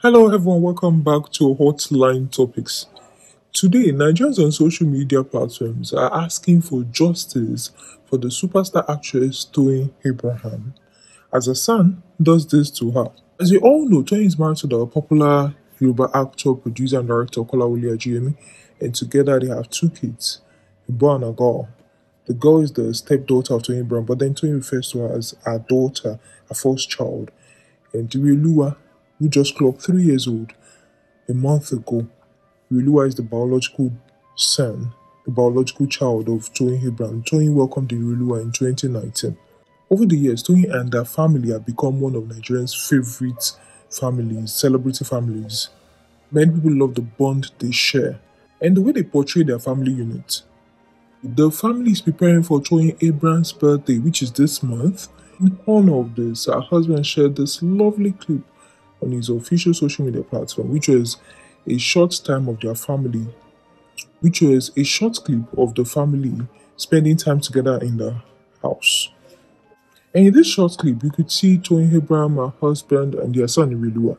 Hello, everyone. Welcome back to Hotline Topics. Today, Nigerians on social media platforms are asking for justice for the superstar actress Toyin Abraham, as her son does this to her. As you all know, Toyin is married to the popular Yoruba actor, producer, and director Kolawole Ajiyemi, and together they have two kids, a boy and a girl. The girl is the stepdaughter of Toyin Ibrahim, but then Toyin refers to her as her daughter, a first child. And Diwiluwa who just clocked three years old a month ago, Lulu is the biological son, the biological child of Toyin Hebron. Toyin welcomed Irulua in 2019. Over the years, Toyin and her family have become one of Nigerians' favorite families, celebrity families. Many people love the bond they share and the way they portray their family unit. The family is preparing for Toyin Abraham's birthday, which is this month. In honor of this, her husband shared this lovely clip on his official social media platform, which was a short time of their family, which was a short clip of the family spending time together in the house. And in this short clip, you could see Tony Abraham, her husband, and their son Irelua.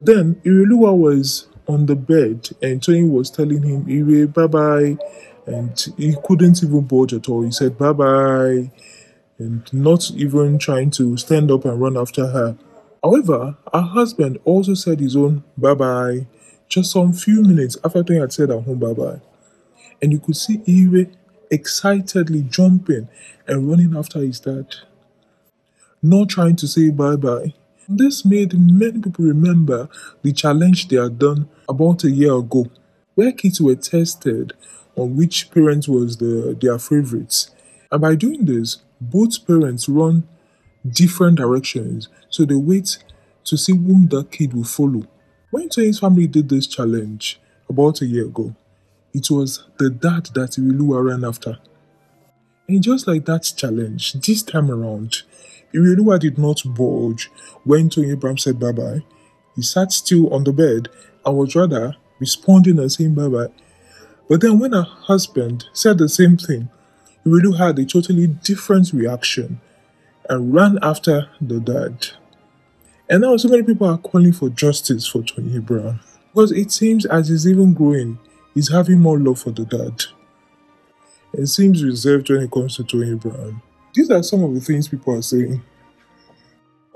Then Irelua was on the bed, and Tony was telling him, Ire, bye bye. And he couldn't even budge at all. He said, bye bye and not even trying to stand up and run after her. However, her husband also said his own bye bye just some few minutes after Tony had said her home bye bye. And you could see Iwe excitedly jumping and running after his dad, not trying to say bye bye. This made many people remember the challenge they had done about a year ago, where kids were tested on which parent was the, their favorites. And by doing this, both parents run different directions. So they wait to see whom that kid will follow. When Tony's family did this challenge about a year ago, it was the dad that Iriluwa ran after. And just like that challenge, this time around, Iriluwa did not budge when Tony Abraham said bye bye. He sat still on the bed and was rather responding and saying bye bye. But then when her husband said the same thing, Irilu had a totally different reaction and ran after the dad. And now so many people are calling for justice for Tony Brown because it seems as he's even growing, he's having more love for the dad. It seems reserved when it comes to Tony Brown. These are some of the things people are saying.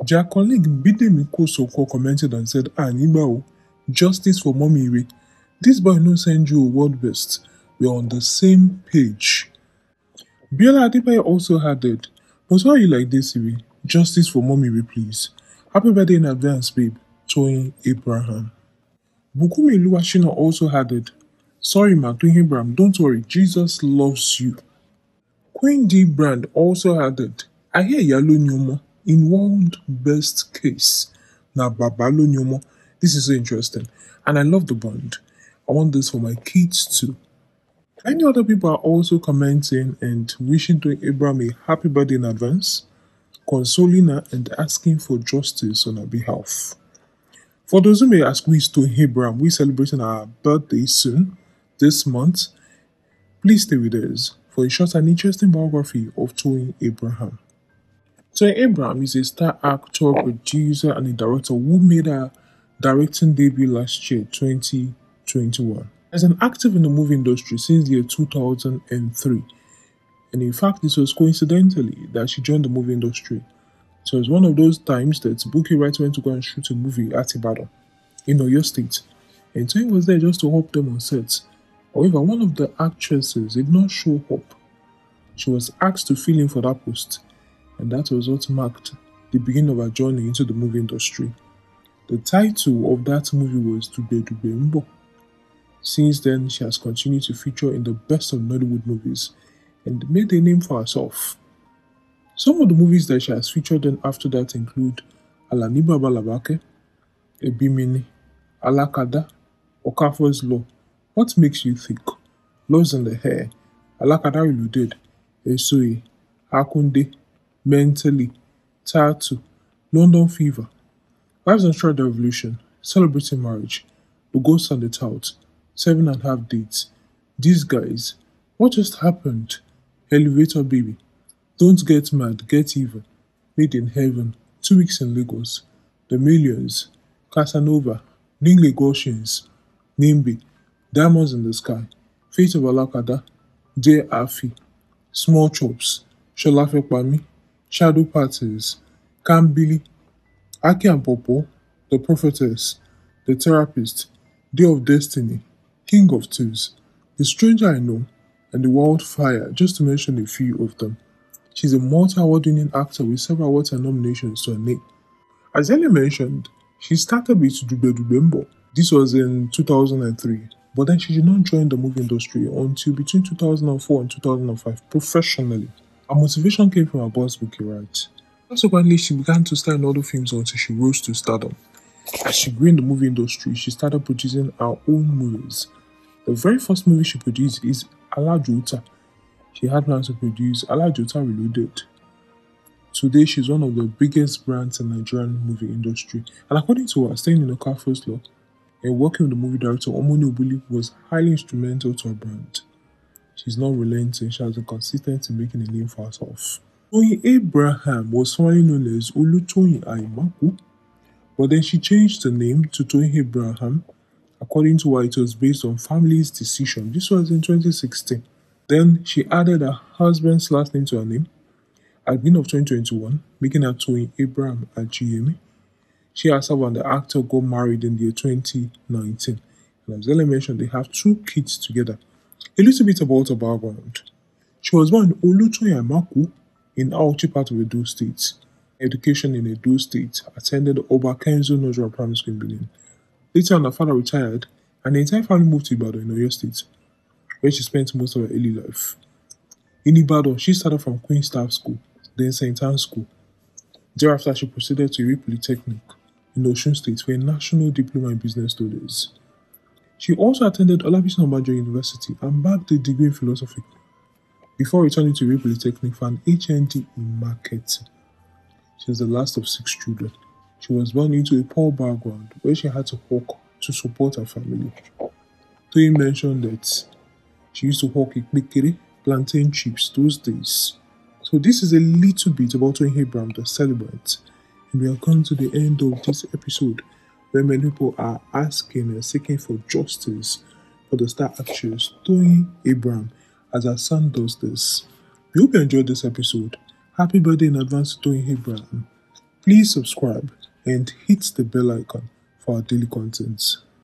Their colleague Bidemi Kosoko commented and said, Ah, Nibao, justice for mommy Ray. This boy no send you a best. We're on the same page. Biola Adebayo also added, but why are you like this, Siri? Justice for mommy, please. Happy birthday in advance, babe. Toyin Abraham. Bukumi Luashina also added, Sorry, ma, Toyin Abraham, don't worry, Jesus loves you. Queen D Brand also added, I hear Yalo Nyomo in world best case. Now, Babalo Nyomo, this is so interesting. And I love the band. I want this for my kids too. Any other people are also commenting and wishing to Abraham a happy birthday in advance, consoling her and asking for justice on her behalf. For those who may ask who is to Abraham, we're celebrating our birthday soon, this month. Please stay with us for a short and interesting biography of Toyin Abraham. Toyin Abraham is a star actor, producer, and a director who made her directing debut last year, 2021 has been active in the movie industry since the year 2003. And in fact, it was coincidentally that she joined the movie industry. So it was one of those times that Buki Wright went to go and shoot a movie at Ibadan in Oyo State. And so he was there just to help them on set. However, one of the actresses did not show up. She was asked to fill in for that post, and that was what marked the beginning of her journey into the movie industry. The title of that movie was Dube Dube Mbo. Since then, she has continued to feature in the best of Nollywood movies and made a name for herself. Some of the movies that she has featured in after that include Alani Labake, Ebimini, Alakada, Okafor's Law, What Makes You Think, Laws in the Hair, Alakada Eluded, Esoe, Hakunde, Mentally, Tattoo, London Fever, Wives and Shroud Revolution, Celebrating Marriage, The Ghost and the Tout, seven and a half dates. These guys, what just happened? Elevator baby. Don't get mad, get even. Made in heaven. Two weeks in Lagos. The Millions. Casanova. Ning Lagosians. Nimbi. Diamonds in the Sky. Fate of Alakada. J. Afi. Small Chops. Shalafekpami. Shadow Parties. Kambili. Aki and Popo. The Prophetess. The Therapist. Day of Destiny. King of Thieves, The Stranger I Know, and The Wildfire, just to mention a few of them. She's a multi award winning actor with several awards and nominations to her name. As Ellie mentioned, she started with Dube Dubembo. This was in 2003, but then she did not join the movie industry until between 2004 and 2005 professionally. Her motivation came from her boss, Bookie Wright. Subsequently, she began to star in other films until she rose to stardom. As she grew in the movie industry, she started producing her own movies the very first movie she produced is Alajota. She had plans to produce Alajota Reloaded. Today, she's one of the biggest brands in Nigerian movie industry. And according to her, staying in the car first law and working with the movie director Omoni Obuli was highly instrumental to her brand. She's not relenting, she has been consistent in making a name for herself. Toyin Abraham was formerly known as Olutoyin Aimaku, but then she changed the name to Toyin Abraham according to her, it was based on family's decision. This was in 2016. Then she added her husband's last name to her name at the end of 2021, making her twin Abraham GME. She herself and the actor got married in the year 2019. And as Ellen mentioned, they have two kids together. A little bit about her background. She was born in Olutoya Maku in Aochi part of Edo State. Education in Edo State, attended Oba Kenzo Nodra Primary School in Benin. Later on, her father retired, and the entire family moved to Ibadan in Oyo State, where she spent most of her early life. In Ibadan, she started from Queen Staff School, then St. Anne's School. Thereafter, she proceeded to Iri Polytechnic in Osun State for a national diploma in business studies. She also attended Olabisan Obajo University and bagged a degree in philosophy before returning to Iri Polytechnic for an HND in marketing. She was the last of six children. She was born into a poor background where she had to work to support her family. Toyin mentioned that she used to hawk ikpekere, plantain chips those days. So this is a little bit about Toyin Abraham, the celebrant. And we are coming to the end of this episode where many people are asking and seeking for justice for the star actress Toyin Abraham as her son does this. We hope you enjoyed this episode. Happy birthday in advance to Toyin Abraham. Please subscribe and hit the bell icon for our daily contents.